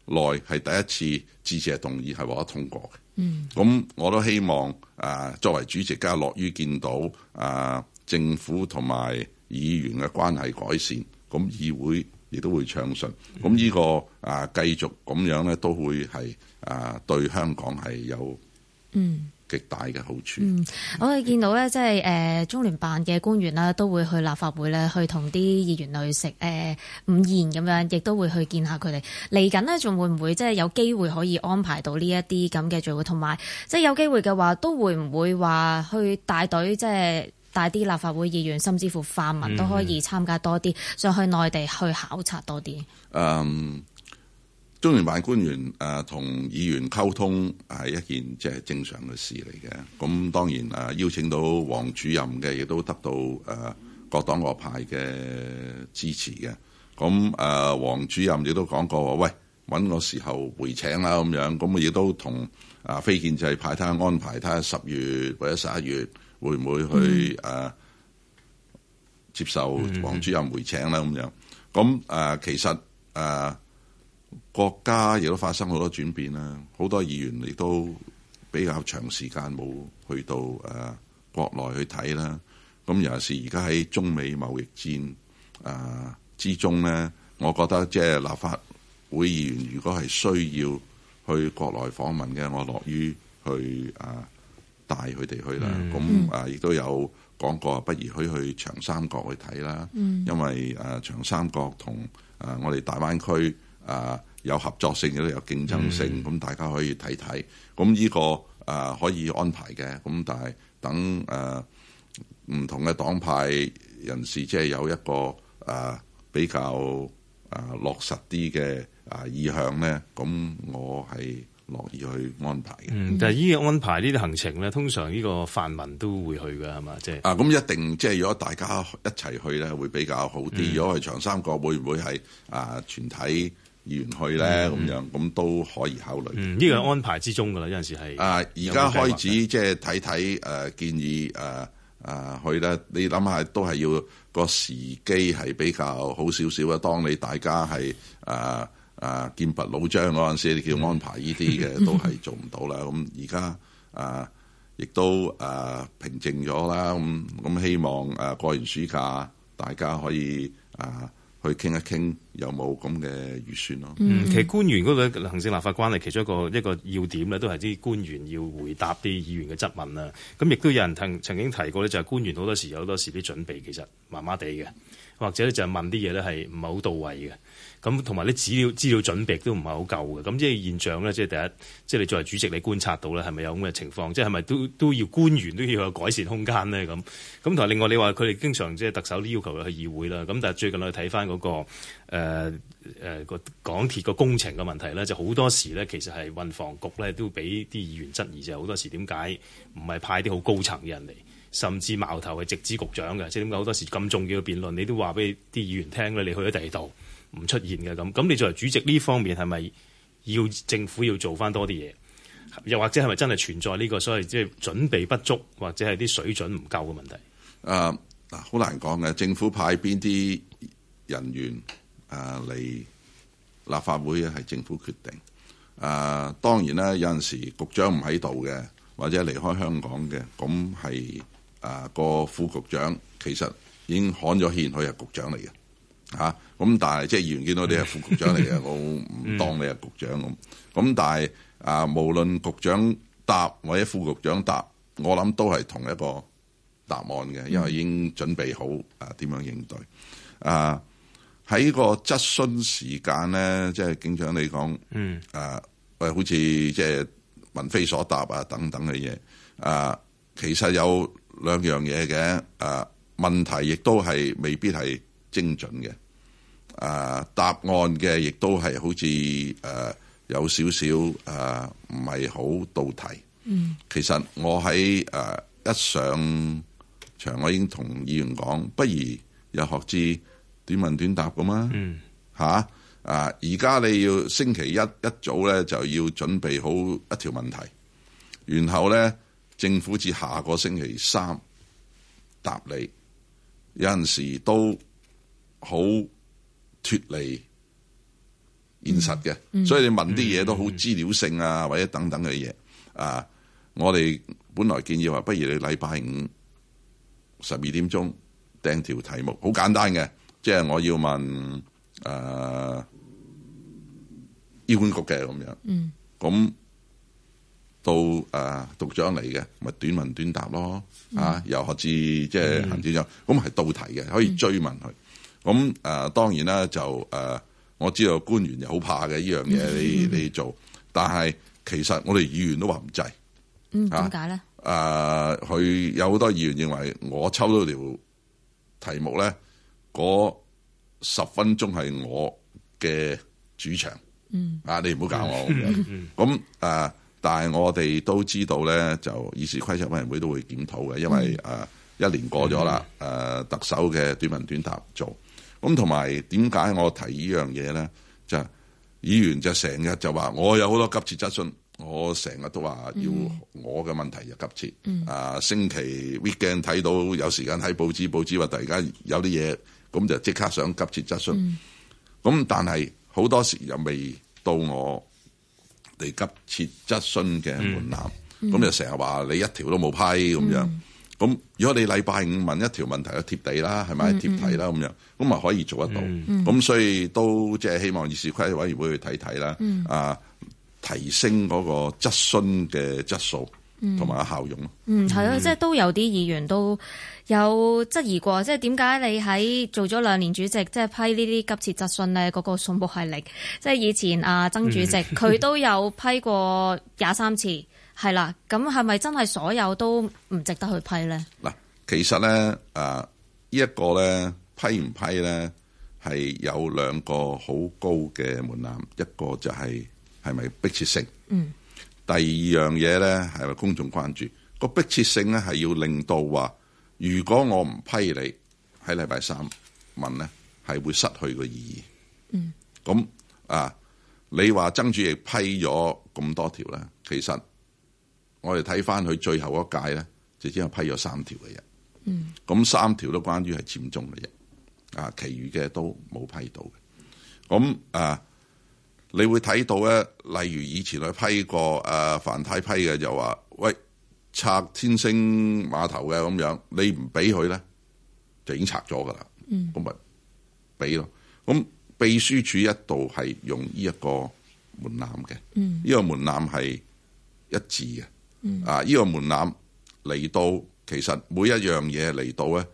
內係第一次支持動議係獲得通過嘅。嗯，咁我都希望啊，作為主席，家樂於見到啊政府同埋議員嘅關係改善，咁議會亦都會暢順，咁呢、呢個啊繼續咁樣呢，都會係啊對香港係有嗯極大嘅好處嗯。嗯，我哋見到呢，即、就、係、是呃、中聯辦嘅官員啦，都會去立法會呢，去同啲議員去食誒午宴咁樣，亦都會去見下佢哋。嚟緊呢，仲會唔會即係、就是、有機會可以安排到呢一啲咁嘅聚會？同埋即係有機會嘅話，都會唔會話去帶隊即係？就是大啲立法會議員，甚至乎泛民都可以參加多啲，想去內地去考察多啲。Um, 中聯辦官員誒同議員溝通係一件即係正常嘅事嚟嘅。咁當然邀請到王主任嘅，亦都得到各黨各派嘅支持嘅。咁王主任亦都講過，喂，揾個時候回請啦咁樣。咁亦都同啊非建制派，他安排他十月或者十一月。會唔會去誒、嗯啊、接受黃主任回請咧？咁、嗯、樣咁誒、啊，其實誒、啊、國家亦都發生好多轉變啦，好多議員亦都比較長時間冇去到誒、啊、國內去睇啦。咁、啊、尤其是而家喺中美貿易戰誒、啊、之中咧，我覺得即係立法會議員如果係需要去國內訪問嘅，我樂於去誒。啊帶佢哋去啦，咁啊亦都有講過，不如去去長三角去睇啦，嗯、因為啊長三角同啊我哋大灣區啊有合作性嘅，有競爭性，咁、嗯、大家可以睇睇，咁、這、呢個啊可以安排嘅，咁但係等啊唔同嘅黨派人士即係有一個啊比較啊落實啲嘅啊意向呢。咁、嗯、我係。樂意去安排嘅。嗯，但係依個安排呢啲行程咧，通常呢個泛民都會去嘅，係嘛，啊？即係啊，咁一定即係如果大家一齊去咧，會比較好啲。嗯、如果係長三角，會唔會係啊全體議員去咧？咁、嗯、樣咁都可以考慮。呢依、嗯這個安排之中㗎啦，有陣時係啊，而家開始有有即係睇睇誒建議誒誒、呃呃、去咧。你諗下，都係要個時機係比較好少少啊。當你大家係啊。呃啊，劍拔弩張嗰陣時，你叫安排呢啲嘅都係做唔到啦。咁而家啊，亦都啊平靜咗啦。咁、啊、咁希望啊過完暑假大家可以啊去傾一傾，有冇咁嘅預算咯。嗯，其實官員嗰個行政立法關係其中一個一個要點咧，都係啲官員要回答啲議員嘅質問啦。咁亦都有人曾曾經提過咧，就係、是、官員好多時有好多時啲準備其實麻麻地嘅。或者就係問啲嘢咧係唔係好到位嘅？咁同埋啲資料資料準備都唔係好夠嘅。咁即係現象咧，即係第一，即係你作為主席，你觀察到咧係咪有咁嘅情況？即係係咪都都要官員都要有改善空間咧？咁咁同埋另外，你話佢哋經常即係特首啲要求去議會啦。咁但係最近我睇翻嗰個誒個、呃呃、港鐵個工程嘅問題咧，就好多時咧其實係運房局咧都俾啲議員質疑，就係、係、好多時點解唔係派啲好高層嘅人嚟？甚至矛頭係直指局長嘅，即係點解好多時咁重要嘅辯論，你都話俾啲議員聽咧，你去咗第二度唔出現嘅，咁，咁你作為主席呢方面係咪要政府要做翻多啲嘢？又或者係咪真係存在呢個所謂即係準備不足或者係啲水準唔夠嘅問題？誒、呃，嗱，好難講嘅，政府派邊啲人員誒嚟、呃、立法會嘅係政府決定。誒、呃，當然啦，有陣時局長唔喺度嘅，或者離開香港嘅，咁係。啊，個副局長其實已經攤咗軒佢係局長嚟嘅，嚇、啊、咁。但係即係議員見到你係副局長嚟嘅， 我唔當你係局長咁。咁、啊、但係啊，無論局長答或者副局長答，我諗都係同一個答案嘅，因為已經準備好啊點樣應對啊喺個質詢時間咧，即係警長你講嗯啊喂、哎，好似即係文非所答啊等等嘅嘢啊，其實有，兩樣嘢嘅，啊問題亦都係未必係精準嘅，啊答案嘅亦都係好似誒、啊、有少少誒唔係好到題。啊、道嗯，其實我喺誒、啊、一上場，我已經同議員講，不如又學知短問短答咁嘛、嗯、啊，嚇啊！而家你要星期一一早咧就要準備好一條問題，然後咧。政府至下個星期三答你，有陣時都好脫離現實嘅，嗯嗯、所以你問啲嘢都好資料性啊，或者等等嘅嘢。啊，我哋本來建議話，不如你禮拜五十二點鐘訂條題目，好簡單嘅，即、就、係、是、我要問誒醫、呃、管局嘅咁樣，咁、嗯。到誒督、呃、長嚟嘅，咪短問短答咯，嗯、啊，又學智即係行政長。咁係到題嘅，可以追問佢。咁誒、嗯呃、當然啦，就誒、呃、我知道官員又好怕嘅呢樣嘢，你、嗯、你做，但係其實我哋議員都話唔制，點解咧？誒、嗯，佢、啊、有好多議員認為我抽到條題目咧，嗰十分鐘係我嘅主場，嗯、啊，你唔好搞我。咁誒。但係我哋都知道咧，就議事規則委員會都會檢討嘅，因為、mm. 啊、一年過咗啦、mm. 啊，特首嘅短問短答做。咁同埋點解我提呢樣嘢咧？就議員就成日就話我有好多急切質詢，我成日都話要我嘅問題就急切，mm. 啊星期 weekend 睇到有時間睇報紙，報紙話，突然間有啲嘢，咁就即刻想急切質詢，咁、mm. 但係好多時又未到我。地急切質詢嘅門檻，咁、嗯、就成日話你一條都冇批咁樣。咁、嗯、如果你禮拜五問一條問題，就貼地啦，係咪貼地啦咁樣，咁咪可以做得到。咁、嗯、所以都即係希望議事規則委員會去睇睇啦，嗯、啊，提升嗰個質詢嘅質素。同埋、嗯、效用，咯，嗯，係咯，即係都有啲議員都有質疑過，即係點解你喺做咗兩年主席，即係批呢啲急切質詢咧？嗰、嗰個信報係力，即係以前阿曾主席佢都有批過廿三次，係啦、嗯，咁係咪真係所有都唔值得去批咧？嗱，其實咧，啊，一、呢個咧批唔批咧係有兩個好高嘅門檻，嗯、一個就係係咪迫切性，嗯。第二樣嘢咧係話公眾關注個迫切性咧係要令到話，如果我唔批你喺禮拜三問咧，係會失去個意義。嗯，咁啊，你話曾主席批咗咁多條咧，其實我哋睇返佢最後一屆咧，就只係批咗三條嘅啫。嗯，咁三條都關於係佔中嘅啫，啊，其餘嘅都冇批到嘅。咁啊。你會睇到咧，例如以前去批過誒繁體批嘅，就話喂，拆天星碼頭嘅咁樣，你唔俾佢咧就已經拆咗噶啦。咁咪俾咯。咁秘書處一度係用呢一個門檻嘅。嗯、呢個門檻係一致嘅。嗯、啊，呢個門檻嚟到，其實每一樣嘢嚟到咧。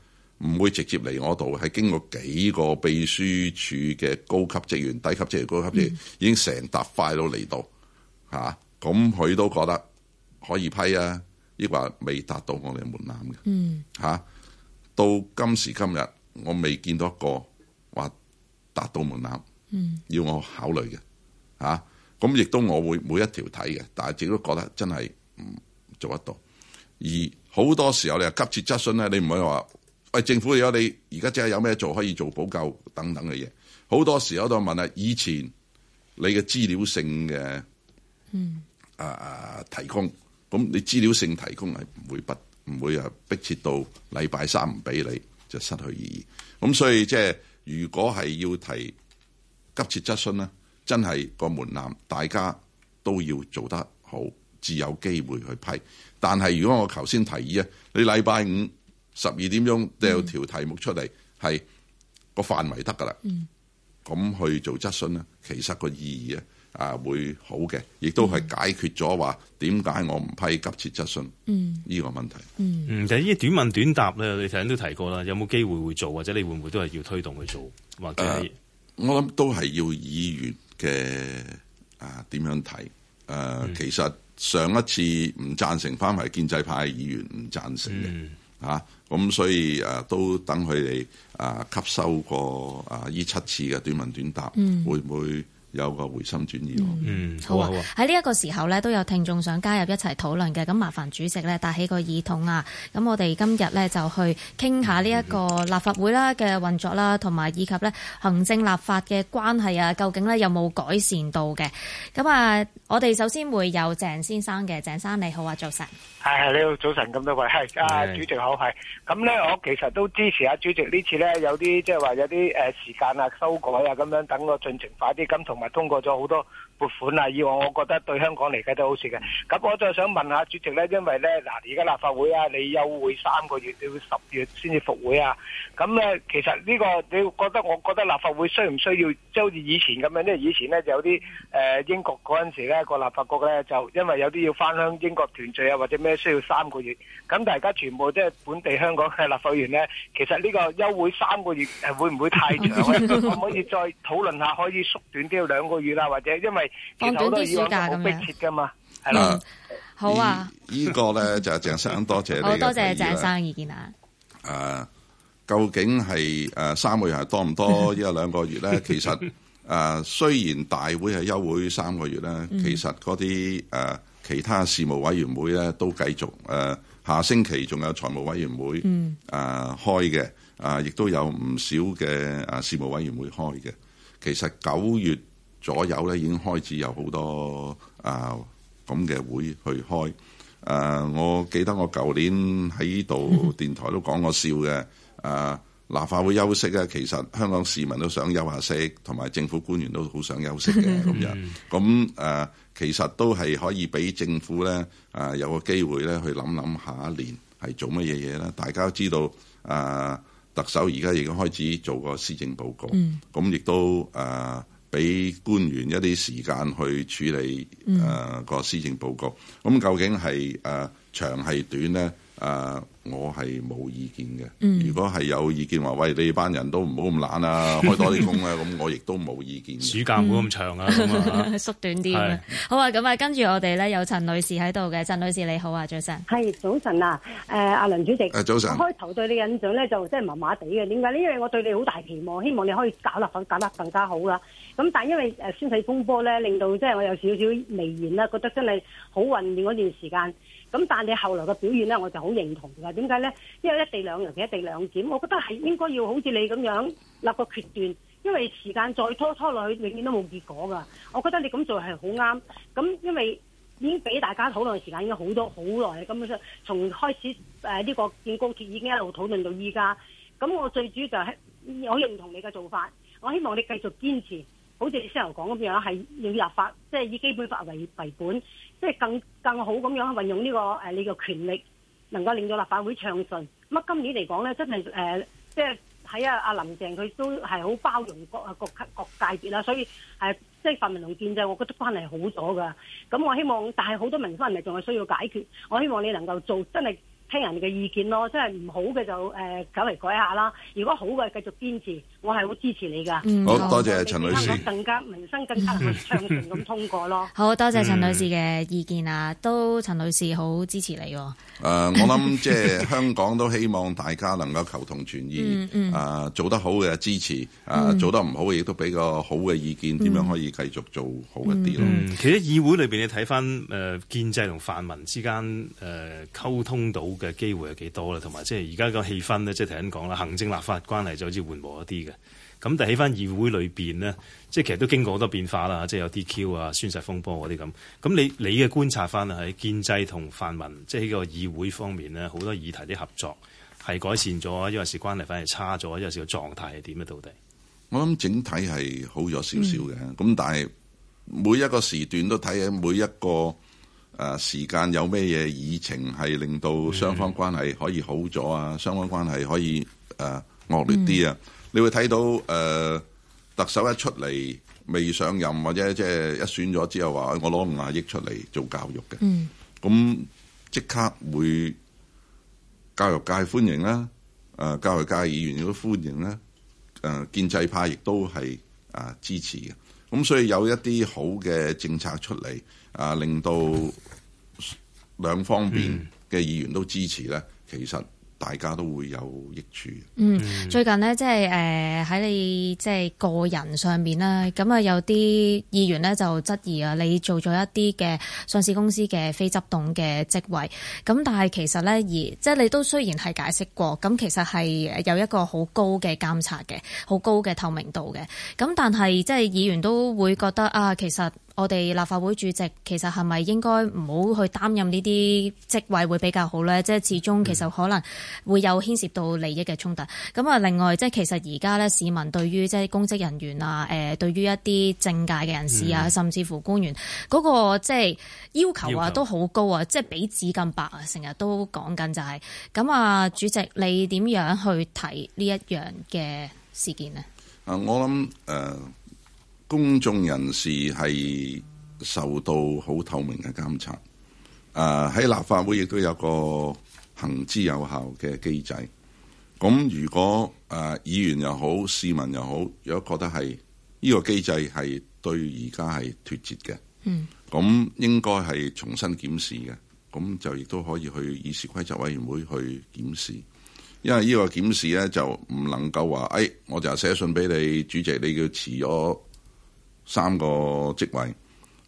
唔會直接嚟我度，係經過幾個秘書處嘅高級職員、低級職員、高級職員，已經成沓快到嚟到嚇。咁佢都覺得可以批啊，亦話未達到我哋門檻嘅嚇、啊。到今時今日，我未見到一個話達到門檻，要我考慮嘅嚇。咁亦都我會每一條睇嘅，但係亦都覺得真係唔做得到。而好多時候你急切質詢咧，你唔可以話。喂，政府你有你而家即係有咩做可以做補救等等嘅嘢，好多時我都問啊，以前你嘅資料性嘅，嗯，啊啊提供，咁你資料性提供係唔會不唔會啊逼切到禮拜三唔俾你就失去意義，咁所以即係如果係要提急切質詢啦，真係個門檻大家都要做得好，至有機會去批。但係如果我頭先提議啊，你禮拜五。十二點鐘掉條題目出嚟，係、嗯、個範圍得㗎喇，咁、嗯、去做質詢呢，其實個意義咧啊會好嘅，亦都係解決咗話點解我唔批急切質詢呢、嗯、個問題。嗯，其實呢啲短問短答咧，你頭先都提過啦，有冇機會會做，或者你會唔會都係要推動去做？或者是、呃、我諗都係要議員嘅啊點樣睇？誒、啊，嗯、其實上一次唔贊成翻嚟建制派議員唔贊成嘅啊。咁所以誒都等佢哋啊吸收過啊呢七次嘅短問短答，嗯、會唔會？有個回心轉意喎。嗯，好啊。喺呢一個時候呢，都有聽眾想加入一齊討論嘅。咁，麻煩主席呢，戴起個耳筒啊。咁，我哋今日呢，就去傾下呢一個立法會啦嘅運作啦、啊，同埋以及呢行政立法嘅關係啊，究竟呢有冇改善到嘅？咁啊，我哋首先會有鄭先生嘅。鄭生你好啊，早晨。係係，你好，早晨。咁多位係啊，的主席好。係咁呢，我其實都支持下主席呢次呢，有啲即係話有啲誒時間啊、修改啊咁樣，等個進程快啲咁同。同埋通過咗好多。撥款啊！以往我，我覺得對香港嚟計都好事嘅。咁我就想問下主席咧，因為咧嗱，而家立法會啊，你休會三個月你要十月先至復會啊。咁咧，其實呢、呢個你覺得我覺得立法會需唔需要即係好似以前咁樣咧？因為以前咧有啲誒、呃、英國嗰陣時咧，個立法局咧就因為有啲要返鄉英國團聚啊，或者咩需要三個月。咁但係而家全部即係本地香港嘅立法員咧，其實呢個休會三個月係會唔會太長？可唔 可以再討論下可以縮短啲到兩個月啊？或者因為？放短啲暑假咁樣，係啦，好啊，呢個咧就鄭生 多謝你，好，多謝鄭生意見啊。究竟係誒三個月係多唔多一兩 個月咧？其實誒、啊，雖然大會係休會三個月咧， 其實嗰啲誒其他事務委員會咧都繼續誒、啊、下星期仲有財務委員會，嗯、啊，開嘅，啊亦都有唔少嘅誒事務委員會開嘅。其實九月。左右咧已經開始有好多啊咁嘅會去開。誒、uh，我記得我舊年喺呢度電台都講過笑嘅誒，uh, 立法會休息咧，其實香港市民都想休下息，同埋政府官員都好想休息嘅咁樣。咁誒，mm. uh, 其實都係可以俾政府咧誒、uh, 有個機會咧去諗諗下一年係做乜嘢嘢咧。大家都知道誒，uh, 特首而家已經開始做個施政報告，咁亦、mm. 都誒。Uh, 俾官員一啲時間去處理誒個、呃、施政報告，咁、嗯、究竟係誒、呃、長係短咧？誒、呃，我係冇意見嘅。嗯、如果係有意見話，喂，你哋班人都唔好咁懶啊，開多啲工啊，咁 我亦都冇意見。暑假冇咁長啊，嗯、 縮短啲。是好啊，咁啊，跟住我哋咧有陳女士喺度嘅。陳女士你好啊，早晨。係早晨啊，誒、呃，阿梁主席。早晨上。我開頭對你印象咧就真係麻麻地嘅，點解呢？因為我對你好大期望，希望你可以搞立法搞得更加好啦。咁但係因為誒宣誓風波咧，令到即係我有少少微言啦，覺得真係好混亂嗰段時間。咁但係你後來嘅表現咧，我就好認同㗎。點解咧？因為一地兩人，其實一地兩檢，我覺得係應該要好似你咁樣立個決斷，因為時間再拖拖落去，永遠都冇結果㗎。我覺得你咁做係好啱。咁因為已經俾大家討論嘅時間，已經好多好耐咁樣，從開始誒呢個建高鐵已經一路討論到依家。咁我最主要就係、是、我認同你嘅做法，我希望你繼續堅持。好似先頭講咁樣，係要立法，即係以基本法為、為本，即係更、更好咁樣運用呢個誒你嘅權力，能夠令到立法會暢順。咁今年嚟講咧，真係即係喺啊阿林鄭佢都係好包容各、啊各級各界別啦，所以即係泛民同建制，我覺得關係好咗噶。咁我希望，但係好多民生問題仲係需要解決。我希望你能夠做真係。聽人哋嘅意見咯，即係唔好嘅就誒，攪、呃、嚟改下啦。如果好嘅繼續堅持，我係好支持你噶、嗯。好多謝陳女士。更加民生更加長遠咁通過咯。 好多謝陳女士嘅意見啊，嗯、都陳女士好支持你喎、呃。我諗即係香港都希望大家能夠求同存異，啊、 嗯嗯呃，做得好嘅支持，啊、呃，做得唔好嘅亦都俾個好嘅意見，點樣、嗯、可以繼續做好一啲咯、嗯。其實議會裏邊你睇翻誒建制同泛民之間誒、呃、溝通到嘅機會係幾多咧？同埋即係而家個氣氛呢，即係頭先講啦，行政立法關係就好似緩和一啲嘅。咁但係喺翻議會裏邊呢，即係其實都經過好多變化啦。即係有 DQ 啊、宣誓風波嗰啲咁。咁你你嘅觀察翻啊，喺建制同泛民即係喺個議會方面呢，好多議題啲合作係改善咗，抑或係關係反而差咗，抑或係個狀態係點啊？到底我諗整體係好咗少少嘅。咁，嗯，但係每一個時段都睇喺每一個。誒時間有咩嘢議程係令到雙方關係可以好咗啊？嗯、雙方關係可以誒、呃、惡劣啲啊？嗯、你會睇到誒、呃、特首一出嚟未上任或者即係一選咗之後話我攞五十億出嚟做教育嘅，咁即、嗯、刻會教育界歡迎啦、呃，教育界議員都歡迎啦、呃，建制派亦都係啊支持嘅，咁所以有一啲好嘅政策出嚟。啊！令到兩方面嘅議員都支持咧，嗯、其實大家都會有益處嘅。嗯，最近呢，即係誒喺你即係、就是、個人上面啦。咁啊有啲議員呢就質疑啊，你做咗一啲嘅上市公司嘅非執董嘅職位。咁但係其實呢，而即係、就是、你都雖然係解釋過，咁其實係有一個好高嘅監察嘅，好高嘅透明度嘅。咁但係即係議員都會覺得啊，其實。我哋立法會主席其實係咪應該唔好去擔任呢啲職位會比較好呢？即係始終其實可能會有牽涉到利益嘅衝突。咁啊，另外即係其實而家呢，市民對於即係公職人員啊、誒對於一啲政界嘅人士啊，甚至乎官員嗰、嗯、個即係要求啊，都好高啊，即係比紙咁白啊，成日都講緊就係咁啊。主席，你點樣去睇呢一樣嘅事件呢？我想」啊、呃，我諗誒。公眾人士係受到好透明嘅監察，誒喺立法會亦都有個行之有效嘅機制。咁如果誒議員又好，市民又好，如果覺得係呢個機制係對而家係脫節嘅，嗯，咁應該係重新檢視嘅。咁就亦都可以去議事規則委員會去檢視，因為呢個檢視咧就唔能夠話，誒、哎，我就寫信俾你主席，你要辭咗。三個職位，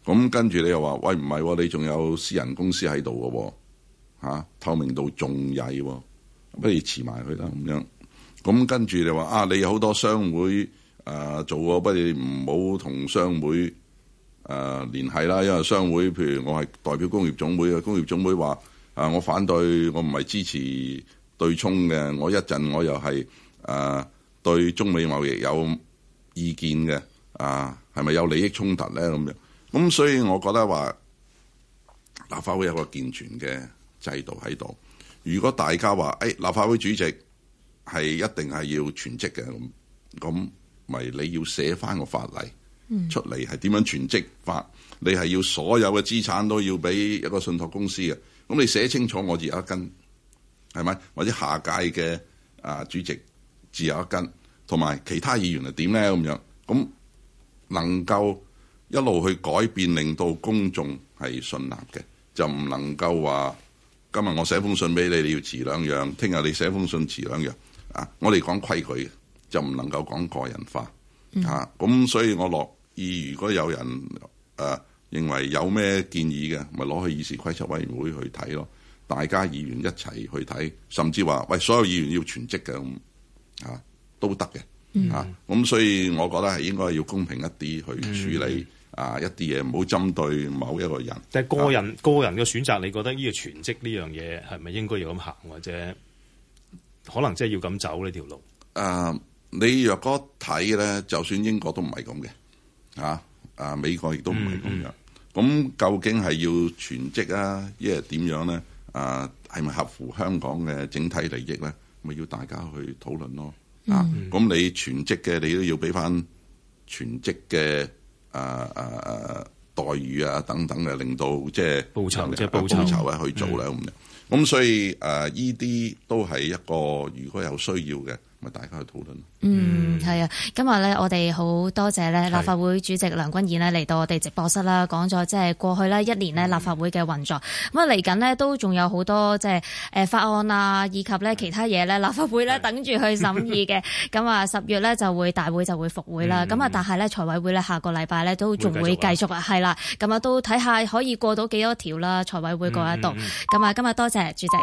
咁跟住你又話，喂唔係喎，你仲有私人公司喺度嘅喎，透明度仲曳喎，不如辭埋去啦，咁樣。咁跟住你話啊，你有好多商會啊做喎，不如唔好同商會啊聯繫啦，因為商會譬如我係代表工業總會啊，工業總會話啊，我反對，我唔係支持對沖嘅，我一陣我又係啊對中美貿易有意見嘅啊。係咪有利益衝突咧？咁樣咁，所以我覺得話立法會有個健全嘅制度喺度。如果大家話誒、哎，立法會主席係一定係要全職嘅咁，咪你要寫翻個法例出嚟係點樣全職法？嗯、你係要所有嘅資產都要俾一個信託公司嘅咁，那你寫清楚，我自有一根係咪？或者下屆嘅啊主席自有一根，同埋其他議員係點咧？咁樣咁。能夠一路去改變，令到公眾係信納嘅，就唔能夠話今日我寫封信俾你，你要辭兩樣；聽日你寫封信辭兩樣。啊，我哋講規矩，就唔能夠講個人化。啊，咁所以我樂意，如果有人誒、啊、認為有咩建議嘅，咪攞去議事規則委員會去睇咯。大家議員一齊去睇，甚至話喂，所有議員要全職嘅咁啊，都得嘅。嗯、啊，咁所以我覺得係應該要公平一啲去處理、嗯、啊，一啲嘢，唔好針對某一個人。但係個人、啊、個人嘅選擇，你覺得呢個全職呢樣嘢係咪應該要咁行，或者可能真係要咁走呢條路、啊？你若果睇咧，就算英國都唔係咁嘅，啊啊，美國亦都唔係咁樣。咁、嗯嗯、究竟係要全職啊，亦係點樣咧？啊，係咪合乎香港嘅整體利益咧？咪要大家去討論咯。嗯、啊！咁你全職嘅你都要俾翻全職嘅啊啊啊待遇啊等等嘅，令到囚即係報酬，即係報酬啊去做啦咁。咁、嗯、所以啊，依、呃、啲都係一個如果有需要嘅。咁大家去討論。嗯，係啊，今日咧，我哋好多謝咧立法會主席梁君彥呢嚟到我哋直播室啦，講咗即係過去啦一年咧立法會嘅運作。咁啊、嗯，嚟緊呢，都仲有好多即係誒法案啊，以及咧其他嘢咧立法會咧等住去審議嘅。咁啊，十月咧就會大會就會復會啦。咁啊、嗯，但係咧財委會咧下個禮拜咧都仲會繼續啊，係啦。咁啊，都睇下可以過到幾多條啦，財委會過一度。咁啊、嗯，今日多謝主席。